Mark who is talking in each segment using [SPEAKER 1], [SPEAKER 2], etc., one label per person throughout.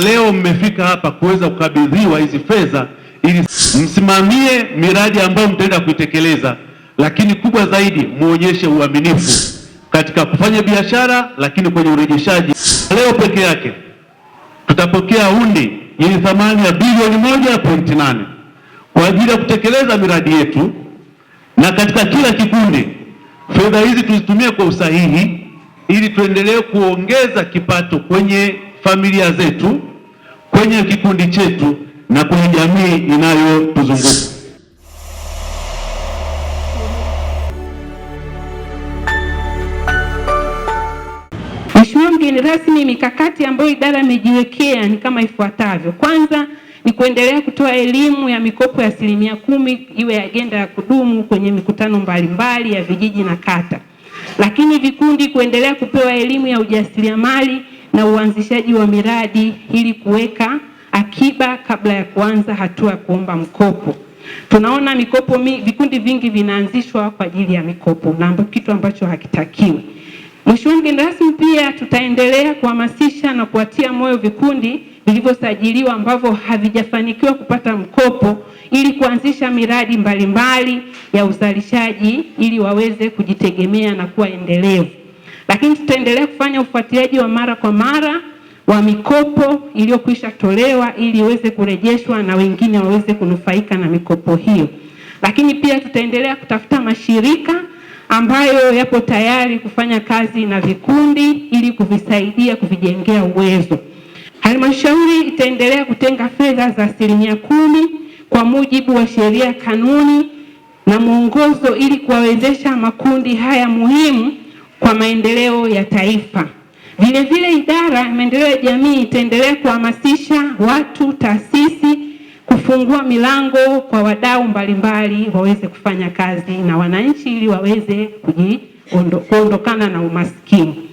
[SPEAKER 1] leo mmefika hapa kuweza kukabidhiwa hizi fedha ili msimamie miradi ambayo mtaenda kuitekeleza, lakini kubwa zaidi muonyeshe uaminifu katika kufanya biashara, lakini kwenye urejeshaji. Leo peke yake tutapokea hundi yenye thamani ya bilioni moja pointi nane kwa ajili ya kutekeleza miradi yetu, na katika kila kikundi fedha hizi tuzitumie kwa usahihi ili tuendelee kuongeza kipato kwenye familia zetu kwenye kikundi chetu na kwenye jamii inayotuzunguka.
[SPEAKER 2] Mheshimiwa mgeni rasmi, mikakati ambayo idara imejiwekea ni kama ifuatavyo. Kwanza ni kuendelea kutoa elimu ya mikopo ya asilimia kumi iwe agenda ya kudumu kwenye mikutano mbalimbali mbali ya vijiji na kata, lakini vikundi kuendelea kupewa elimu ya ujasiriamali na uanzishaji wa miradi ili kuweka akiba kabla ya kuanza hatua ya kuomba mkopo. Tunaona mikopo mi, vikundi vingi vinaanzishwa kwa ajili ya mikopo na kitu ambacho hakitakiwi. Mheshimiwa mgeni rasmi, pia tutaendelea kuhamasisha na kuwatia moyo vikundi vilivyosajiliwa ambavyo havijafanikiwa kupata mkopo ili kuanzisha miradi mbalimbali mbali ya uzalishaji ili waweze kujitegemea na kuwa endelevu. Lakini tutaendelea kufanya ufuatiliaji wa mara kwa mara wa mikopo iliyokwisha tolewa ili iweze kurejeshwa na wengine waweze kunufaika na mikopo hiyo. Lakini pia tutaendelea kutafuta mashirika ambayo yapo tayari kufanya kazi na vikundi ili kuvisaidia kuvijengea uwezo. Halmashauri itaendelea kutenga fedha za asilimia kumi kwa mujibu wa sheria, kanuni na mwongozo ili kuwawezesha makundi haya muhimu kwa maendeleo ya taifa. Vilevile, idara ya maendeleo ya jamii itaendelea kuhamasisha watu, taasisi kufungua milango kwa wadau mbalimbali waweze kufanya kazi na wananchi ili waweze kuondokana na umaskini.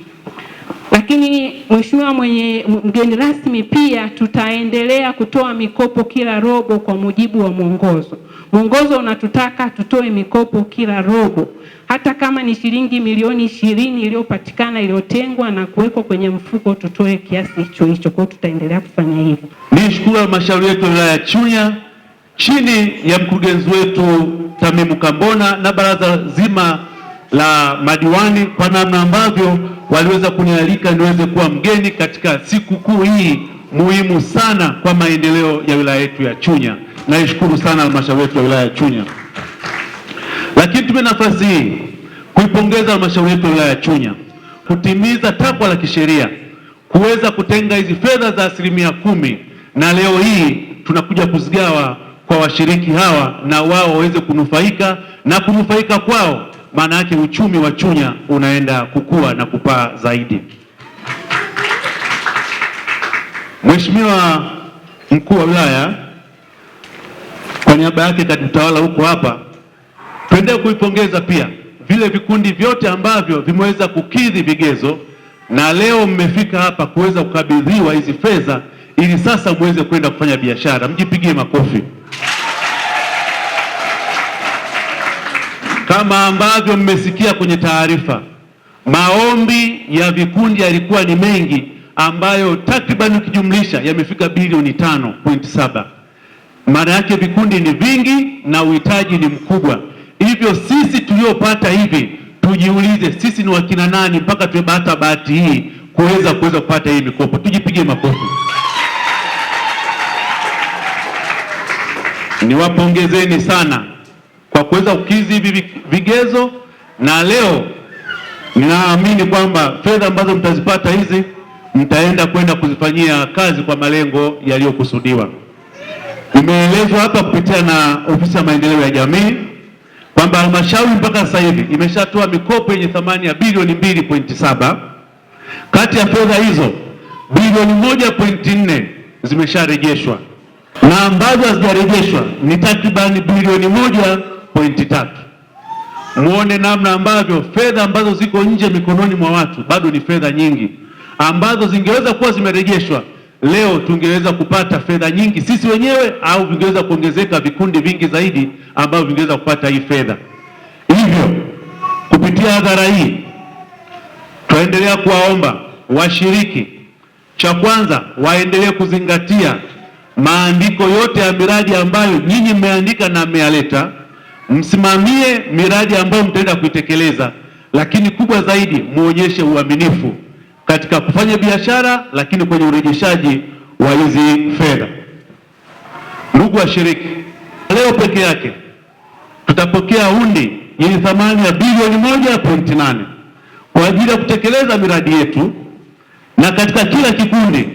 [SPEAKER 2] Lakini mheshimiwa mwenye mgeni rasmi, pia tutaendelea kutoa mikopo kila robo kwa mujibu wa mwongozo. Mwongozo unatutaka tutoe mikopo kila robo, hata kama ni shilingi milioni ishirini iliyopatikana iliyotengwa na kuwekwa kwenye mfuko, tutoe kiasi hicho hicho. Kwa hiyo tutaendelea kufanya hivyo.
[SPEAKER 1] Nishukuru halmashauri yetu ya wilaya ya Chunya chini ya mkurugenzi wetu Tamimu Kambona na baraza zima la madiwani kwa namna ambavyo waliweza kunialika niweze kuwa mgeni katika siku kuu hii muhimu sana kwa maendeleo ya wilaya yetu ya Chunya. Naishukuru sana halmashauri yetu ya wilaya ya Chunya, lakini tume nafasi hii kuipongeza halmashauri yetu ya wilaya ya Chunya kutimiza takwa la kisheria kuweza kutenga hizi fedha za asilimia kumi, na leo hii tunakuja kuzigawa kwa washiriki hawa na wao waweze kunufaika na kunufaika kwao maana yake uchumi wa Chunya unaenda kukua na kupaa zaidi. Mheshimiwa mkuu wa wilaya, kwa niaba yake katibu tawala huko hapa, tuendelee kuipongeza pia vile vikundi vyote ambavyo vimeweza kukidhi vigezo na leo mmefika hapa kuweza kukabidhiwa hizi fedha ili sasa muweze kwenda kufanya biashara. Mjipigie makofi. Kama ambavyo mmesikia kwenye taarifa, maombi ya vikundi yalikuwa ni mengi, ambayo takriban ukijumlisha yamefika bilioni tano pointi saba. Maana yake vikundi ni vingi na uhitaji ni mkubwa, hivyo sisi tuliopata hivi tujiulize, sisi ni wakina nani mpaka tumepata bahati hii kuweza kuweza kupata hii mikopo? Tujipige makofi. Niwapongezeni sana kwa kuweza kukidhi hivi vigezo, na leo ninaamini kwamba fedha ambazo mtazipata hizi mtaenda kwenda kuzifanyia kazi kwa malengo yaliyokusudiwa. Imeelezwa hapa kupitia na ofisi ya maendeleo ya jamii kwamba halmashauri mpaka sasa hivi imeshatoa mikopo yenye thamani ya bilioni saba. Kati ya fedha hizo bilioni nne zimesharejeshwa na ambazo hazijarejeshwa ni takribani bilioni moja pointi tatu. Muone namna ambavyo fedha ambazo ziko nje mikononi mwa watu bado ni fedha nyingi ambazo zingeweza kuwa zimerejeshwa leo, tungeweza kupata fedha nyingi sisi wenyewe, au vingeweza kuongezeka vikundi vingi zaidi ambavyo vingeweza kupata hii fedha. Hivyo kupitia hadhara hii tunaendelea kuwaomba washiriki, cha kwanza waendelee kuzingatia maandiko yote ya miradi ambayo nyinyi mmeandika na mmeyaleta msimamie miradi ambayo mtaenda kuitekeleza, lakini kubwa zaidi muonyeshe uaminifu katika kufanya biashara, lakini kwenye urejeshaji wa hizi fedha. Ndugu washiriki, leo peke yake tutapokea hundi yenye thamani ya bilioni moja pointi nane kwa ajili ya kutekeleza miradi yetu, na katika kila kikundi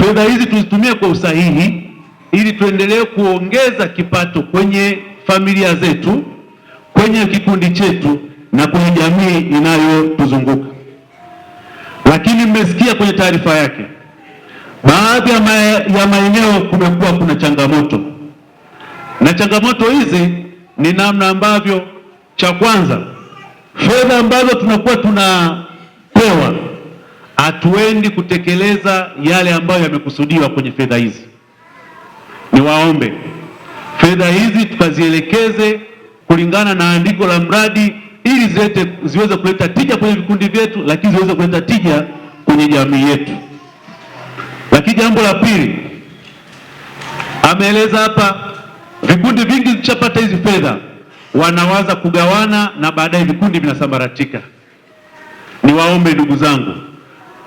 [SPEAKER 1] fedha hizi tuzitumie kwa usahihi ili tuendelee kuongeza kipato kwenye familia zetu, kwenye kikundi chetu na kwenye jamii inayotuzunguka. Lakini mmesikia kwenye taarifa yake, baadhi ya maeneo kumekuwa kuna changamoto, na changamoto hizi ni namna ambavyo, cha kwanza, fedha ambazo tunakuwa tunapewa hatuendi kutekeleza yale ambayo yamekusudiwa kwenye fedha hizi. Niwaombe Fedha hizi tukazielekeze kulingana na andiko la mradi ili zete, ziweze kuleta tija kwenye vikundi vyetu, lakini ziweze kuleta tija kwenye jamii yetu. Lakini jambo la pili ameeleza hapa, vikundi vingi vichapata hizi fedha wanawaza kugawana na baadaye vikundi vinasambaratika. Niwaombe ndugu zangu,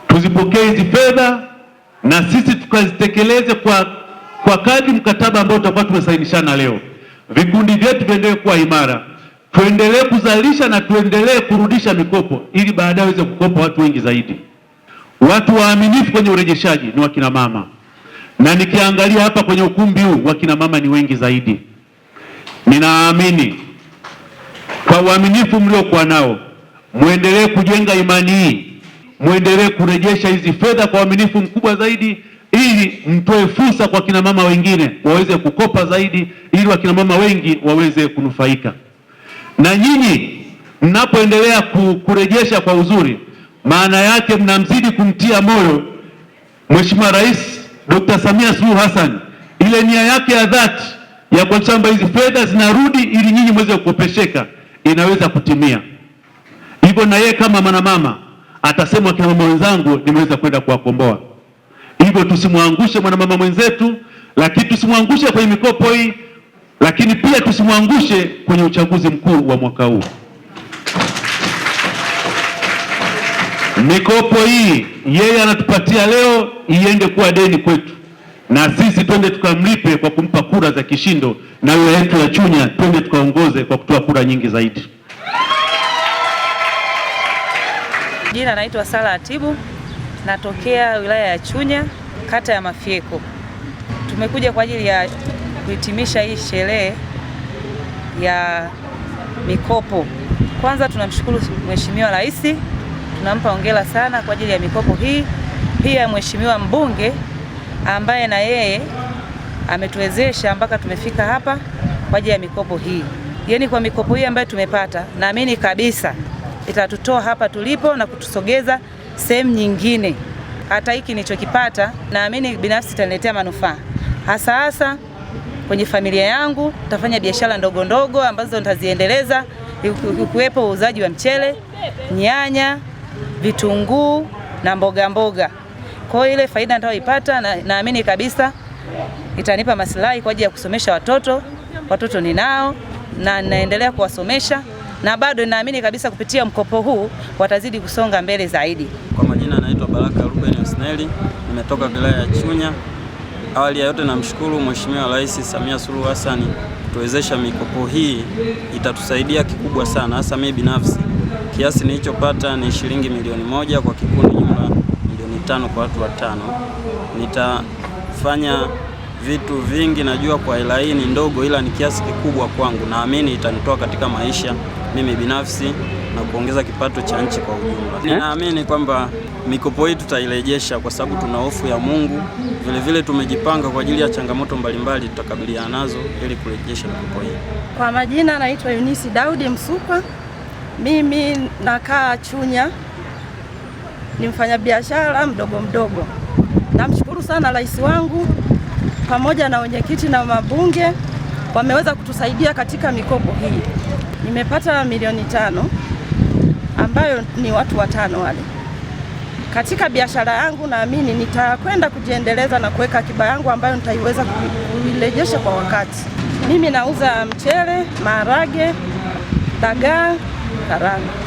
[SPEAKER 1] tuzipokee hizi fedha na sisi tukazitekeleze kwa kwa kadri mkataba ambao tutakuwa tumesainishana leo, vikundi vyetu viendelee kuwa imara, tuendelee kuzalisha na tuendelee kurudisha mikopo ili baadaye aweze kukopa watu wengi zaidi. Watu waaminifu kwenye urejeshaji ni wakina mama, na nikiangalia hapa kwenye ukumbi huu wakina mama ni wengi zaidi. Ninaamini kwa uaminifu mliokuwa nao, mwendelee kujenga imani hii, mwendelee kurejesha hizi fedha kwa uaminifu mkubwa zaidi ili mtoe fursa kwa kina mama wengine waweze kukopa zaidi, ili wakina mama wengi waweze kunufaika. Na nyinyi mnapoendelea kurejesha kwa uzuri, maana yake mnamzidi kumtia moyo Mheshimiwa Rais Dr. Samia Suluhu Hassan, ile nia yake ya dhati ya kuhakikisha kwamba hizi fedha zinarudi ili nyinyi mweze kukopesheka inaweza kutimia. Hivyo na yeye kama mwanamama atasema, wakina mama wenzangu, nimeweza kwenda kuwakomboa hivyo tusimwangushe mwanamama mwenzetu, lakini tusimwangushe kwenye mikopo hii, lakini pia tusimwangushe kwenye uchaguzi mkuu wa mwaka huu. Mikopo hii yeye anatupatia leo iende kuwa deni kwetu, na sisi twende tukamlipe kwa kumpa kura za kishindo, na wilaya yetu ya Chunya twende tukaongoze kwa kutoa kura nyingi zaidi.
[SPEAKER 3] Jina naitwa Sara Atibu, natokea wilaya ya Chunya kata ya Mafyeko. Tumekuja kwa ajili ya kuhitimisha hii sherehe ya mikopo. Kwanza tunamshukuru Mheshimiwa Rais, tunampa hongera sana kwa ajili ya mikopo hii, pia Mheshimiwa mbunge ambaye na yeye ametuwezesha mpaka tumefika hapa kwa ajili ya mikopo hii. Yaani kwa mikopo hii ambayo tumepata, naamini kabisa itatutoa hapa tulipo na kutusogeza sehemu nyingine hata hiki nilichokipata naamini binafsi itaniletea manufaa hasa hasa kwenye familia yangu. Nitafanya biashara ndogo ndogo ambazo nitaziendeleza kuwepo uuzaji wa mchele, nyanya, vitunguu na mboga mboga. Kwa hiyo ile faida nitayoipata naamini na kabisa itanipa maslahi kwa ajili ya kusomesha watoto. Watoto ninao na naendelea kuwasomesha na bado naamini kabisa kupitia mkopo huu watazidi kusonga mbele zaidi.
[SPEAKER 4] Kwa majina anaitwa Baraka Ruben Osneli, nimetoka wilaya ya Chunya. Awali ya yote namshukuru Mheshimiwa Rais Samia Suluhu Hassan kutuwezesha mikopo hii, itatusaidia kikubwa sana, hasa mimi binafsi. Kiasi nilichopata ni shilingi milioni moja kwa kikundi, nyumba milioni tano kwa watu watano. Nitafanya vitu vingi, najua kwa hela hii ni ndogo, ila ni kiasi kikubwa kwangu, naamini itanitoa katika maisha mimi binafsi na kuongeza kipato cha nchi kwa ujumla. Ninaamini kwamba mikopo hii tutairejesha kwa sababu tuna hofu ya Mungu. Vilevile vile tumejipanga kwa ajili ya changamoto mbalimbali tutakabiliana nazo ili kurejesha mikopo hii.
[SPEAKER 5] Kwa majina naitwa Eunice Daudi Msukwa. Mimi nakaa Chunya, ni mfanyabiashara mdogo mdogo. Namshukuru sana rais wangu pamoja na wenyekiti na mabunge wameweza kutusaidia katika mikopo hii nimepata milioni tano ambayo ni watu watano wale. Katika biashara yangu naamini nitakwenda kujiendeleza na kuweka akiba yangu ambayo nitaiweza kuirejesha kwa wakati. Mimi nauza mchele, maharage, dagaa, karanga.